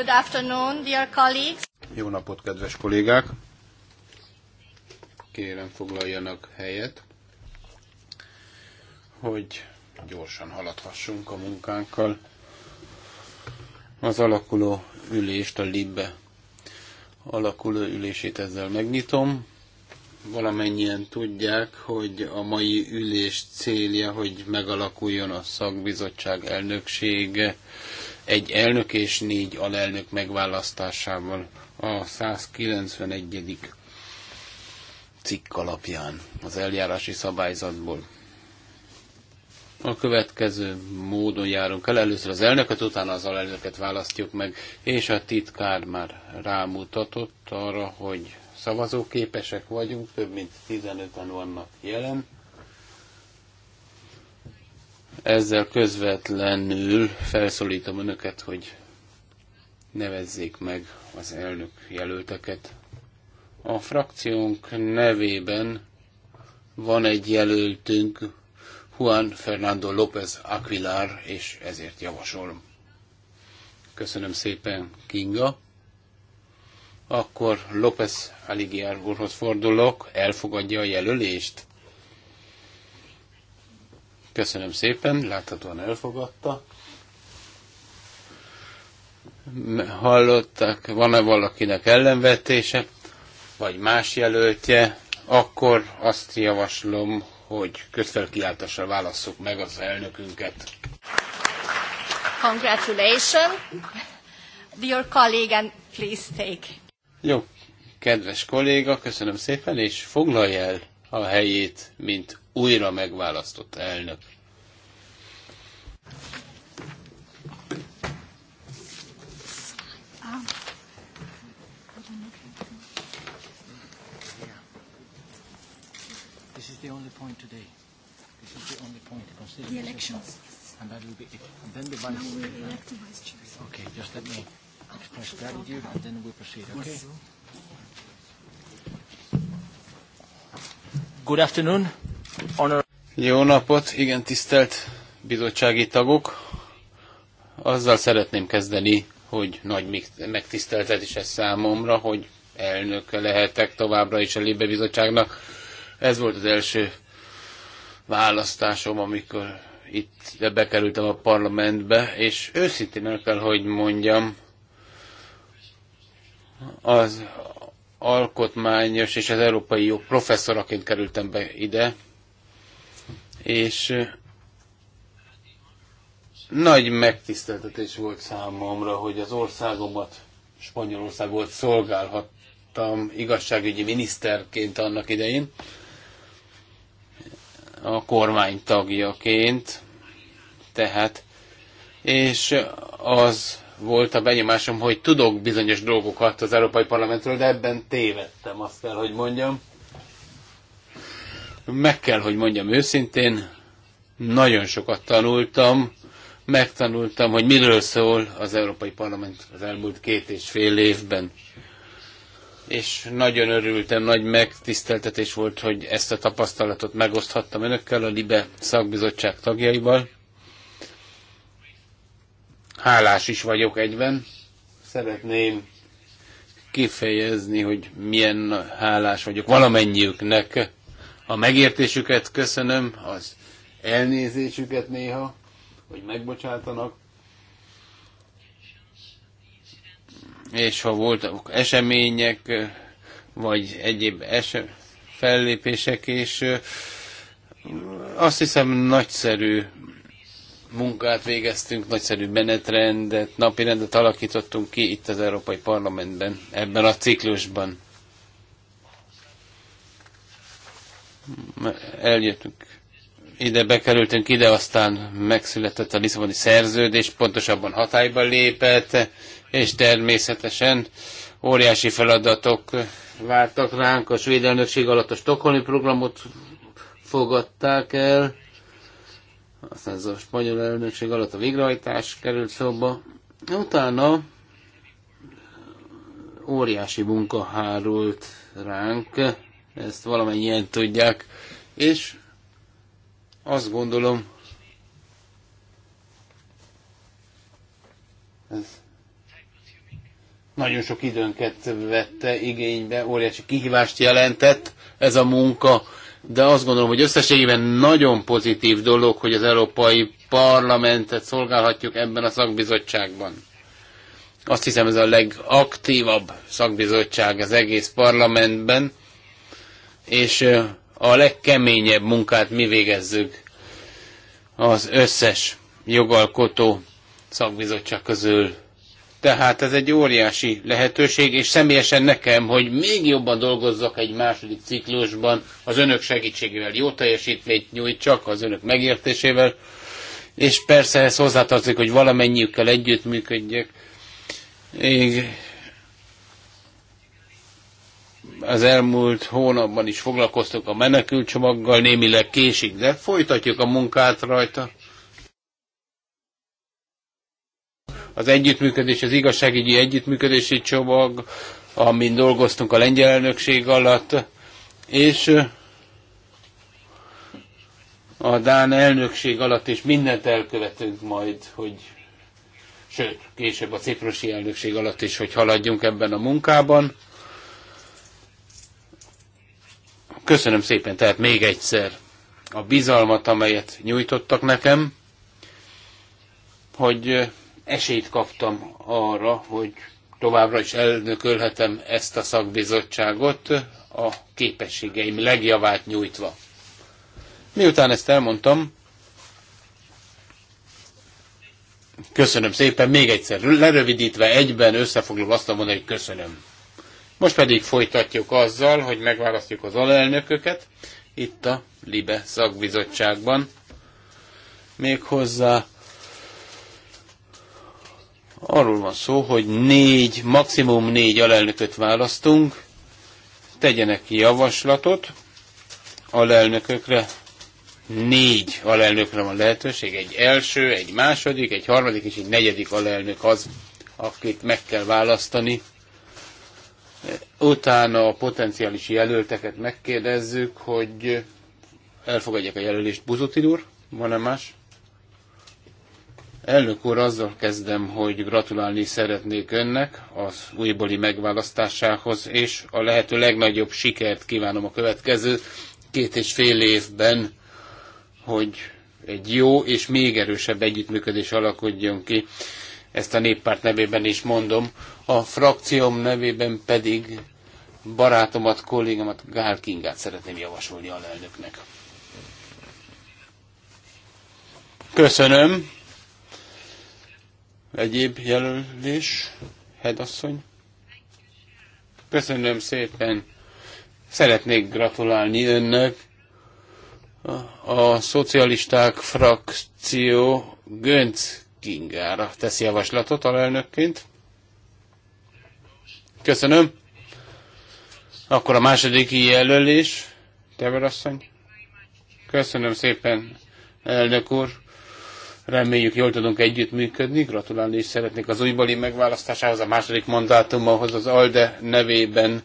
Good afternoon, dear colleagues. Jó napot, kedves kollégák! Kérem, foglaljanak helyet, hogy gyorsan haladhassunk a munkánkkal. Az alakuló ülést, a libbe alakuló ülését ezzel megnyitom. Valamennyien tudják, hogy a mai ülés célja, hogy megalakuljon a szakbizottság elnöksége egy elnök és négy alelnök megválasztásával a 191. cikk alapján az eljárási szabályzatból. A következő módon járunk el. Először az elnököt, utána az alelnöket választjuk meg, és a titkár már rámutatott arra, hogy szavazóképesek vagyunk, több mint 15-en vannak jelen. Ezzel közvetlenül felszólítom önöket, hogy nevezzék meg az elnök jelölteket. A frakciónk nevében van egy jelöltünk, Juan Fernando López Aquilar, és ezért javasolom. Köszönöm szépen, Kinga. Akkor López Aligiár úrhoz fordulok, elfogadja a jelölést. Köszönöm szépen, láthatóan elfogadta. Hallottak van-e valakinek ellenvetése, vagy más jelöltje, akkor azt javaslom, hogy közfelkiáltással válasszuk meg az elnökünket. Congratulations, dear colleague, and please take. Jó, kedves kolléga, köszönöm szépen, és foglalj el a helyét, mint újra megválasztott elnök. the only point today. This is the only point. Consider the elections. And that will be it. And then the vice. Now we elect the vice chair. Okay, just let me express gratitude and then we proceed. Okay. Good afternoon. Honor... Jó napot, igen tisztelt bizottsági tagok. Azzal szeretném kezdeni, hogy nagy megtiszteltetés ez számomra, hogy elnök lehetek továbbra is a Libe Bizottságnak. Ez volt az első választásom, amikor itt bekerültem a parlamentbe, és őszintén el kell, hogy mondjam, az alkotmányos és az európai jog professzoraként kerültem be ide, és nagy megtiszteltetés volt számomra, hogy az országomat, Spanyolországot szolgálhattam igazságügyi miniszterként annak idején, a kormány tagjaként, tehát, és az volt a benyomásom, hogy tudok bizonyos dolgokat az Európai Parlamentről, de ebben tévedtem, azt kell, hogy mondjam. Meg kell, hogy mondjam őszintén, nagyon sokat tanultam, megtanultam, hogy miről szól az Európai Parlament az elmúlt két és fél évben. És nagyon örültem, nagy megtiszteltetés volt, hogy ezt a tapasztalatot megoszthattam önökkel, a LIBE szakbizottság tagjaival hálás is vagyok egyben. Szeretném kifejezni, hogy milyen hálás vagyok valamennyiüknek. A megértésüket köszönöm, az elnézésüket néha, hogy megbocsátanak. És ha voltak események, vagy egyéb esem, fellépések, és azt hiszem nagyszerű munkát végeztünk, nagyszerű menetrendet, napirendet alakítottunk ki itt az Európai Parlamentben, ebben a ciklusban. Eljöttünk ide, bekerültünk ide, aztán megszületett a Lisszaboni szerződés, pontosabban hatályba lépett, és természetesen óriási feladatok vártak ránk. A svéd elnökség alatt a Stockholmi programot fogadták el, aztán ez a spanyol elnökség alatt a végrehajtás került szóba. Utána óriási munka hárult ránk, ezt valamennyien tudják, és azt gondolom, ez nagyon sok időnket vette igénybe, óriási kihívást jelentett ez a munka, de azt gondolom, hogy összességében nagyon pozitív dolog, hogy az Európai Parlamentet szolgálhatjuk ebben a szakbizottságban. Azt hiszem ez a legaktívabb szakbizottság az egész parlamentben, és a legkeményebb munkát mi végezzük az összes jogalkotó szakbizottság közül tehát ez egy óriási lehetőség, és személyesen nekem, hogy még jobban dolgozzak egy második ciklusban, az önök segítségével jó teljesítményt nyújtsak, az önök megértésével, és persze ez hozzátartozik, hogy valamennyiükkel együttműködjek. Én az elmúlt hónapban is foglalkoztunk a menekülcsomaggal, némileg késik, de folytatjuk a munkát rajta az együttműködés, az igazságügyi együttműködési csomag, amin dolgoztunk a lengyel elnökség alatt, és a Dán elnökség alatt is mindent elkövetünk majd, hogy sőt, később a ciprusi elnökség alatt is, hogy haladjunk ebben a munkában. Köszönöm szépen, tehát még egyszer a bizalmat, amelyet nyújtottak nekem, hogy esélyt kaptam arra, hogy továbbra is elnökölhetem ezt a szakbizottságot a képességeim legjavát nyújtva. Miután ezt elmondtam, köszönöm szépen, még egyszer lerövidítve, egyben összefoglalva azt mondani, hogy köszönöm. Most pedig folytatjuk azzal, hogy megválasztjuk az alelnököket itt a LIBE szakbizottságban. Méghozzá Arról van szó, hogy négy, maximum négy alelnököt választunk, tegyenek javaslatot alelnökökre, négy alelnökre van lehetőség, egy első, egy második, egy harmadik és egy negyedik alelnök az, akit meg kell választani. Utána a potenciális jelölteket megkérdezzük, hogy elfogadják a jelölést Buzutil úr, van-e más? Elnök úr, azzal kezdem, hogy gratulálni szeretnék önnek az újbóli megválasztásához, és a lehető legnagyobb sikert kívánom a következő két és fél évben, hogy egy jó és még erősebb együttműködés alakuljon ki. Ezt a néppárt nevében is mondom. A frakcióm nevében pedig barátomat, kollégámat, Gál Kingát szeretném javasolni alelnöknek. Köszönöm. Egyéb jelölés, hedasszony? Köszönöm szépen. Szeretnék gratulálni önnek. A, a szocialisták frakció Gönc Kingára tesz javaslatot alelnökként. Köszönöm. Akkor a második jelölés. Teverasszony. Köszönöm szépen, elnök úr. Reméljük, jól tudunk együttműködni. Gratulálni is szeretnék az újbali megválasztásához, a második mandátumhoz, az ALDE nevében.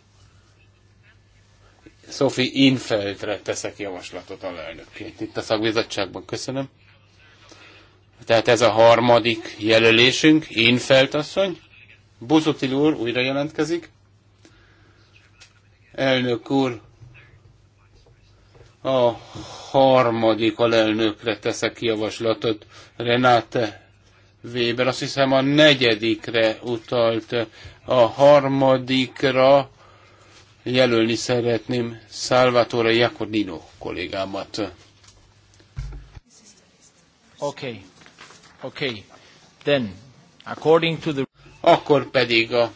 Sophie Infeltre teszek javaslatot a lelnökként itt a szakbizottságban. Köszönöm. Tehát ez a harmadik jelölésünk, Infelt asszony. Buzutil úr újra jelentkezik. Elnök úr, a harmadik alelnökre teszek javaslatot, Renate Weber, azt hiszem a negyedikre utalt, a harmadikra jelölni szeretném Salvatore Iaconino kollégámat. Okay. Okay. Then, according to the... Akkor pedig a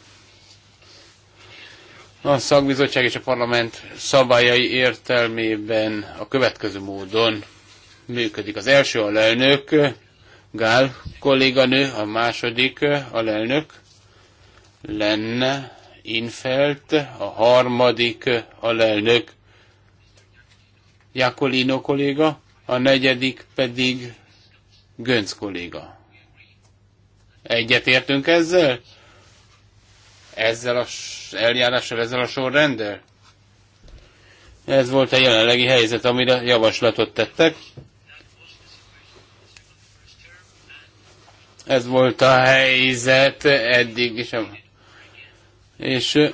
a szakbizottság és a parlament szabályai értelmében a következő módon működik. Az első alelnök, Gál kolléganő, a második alelnök lenne Infelt, a harmadik alelnök Jakolino kolléga, a negyedik pedig Gönc kolléga. Egyetértünk ezzel? ezzel az eljárással, ezzel a sorrenddel? Ez volt a jelenlegi helyzet, amire javaslatot tettek. Ez volt a helyzet eddig is. És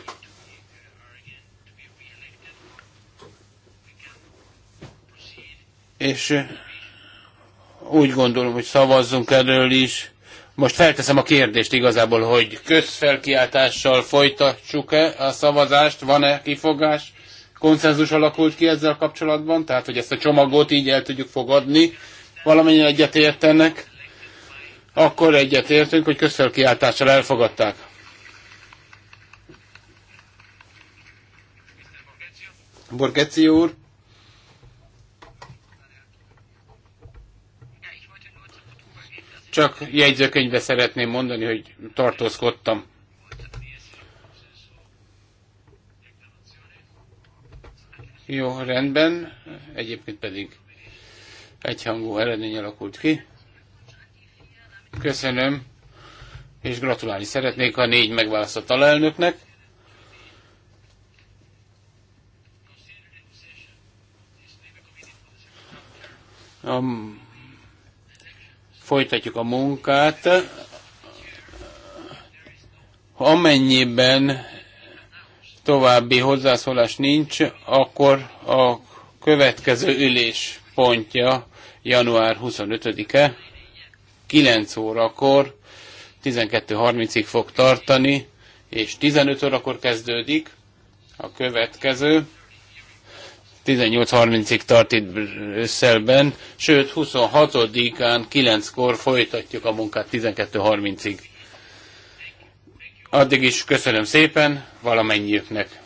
és úgy gondolom, hogy szavazzunk erről is. Most felteszem a kérdést igazából, hogy közfelkiáltással folytassuk-e a szavazást, van-e kifogás? Konszenzus alakult ki ezzel kapcsolatban, tehát hogy ezt a csomagot így el tudjuk fogadni, valamennyire egyetértenek, akkor egyetértünk, hogy közfelkiáltással elfogadták. Borgeci úr. Csak jegyzőkönyvbe szeretném mondani, hogy tartózkodtam. Jó, rendben. Egyébként pedig egyhangú eredmény alakult ki. Köszönöm, és gratulálni szeretnék a négy megválasztott alelnöknek. A folytatjuk a munkát. Amennyiben további hozzászólás nincs, akkor a következő ülés pontja január 25-e 9 órakor 12.30-ig fog tartani, és 15 órakor kezdődik a következő 18.30-ig tart itt Brüsszelben, sőt 26-án 9-kor folytatjuk a munkát 12.30-ig. Addig is köszönöm szépen valamennyiüknek.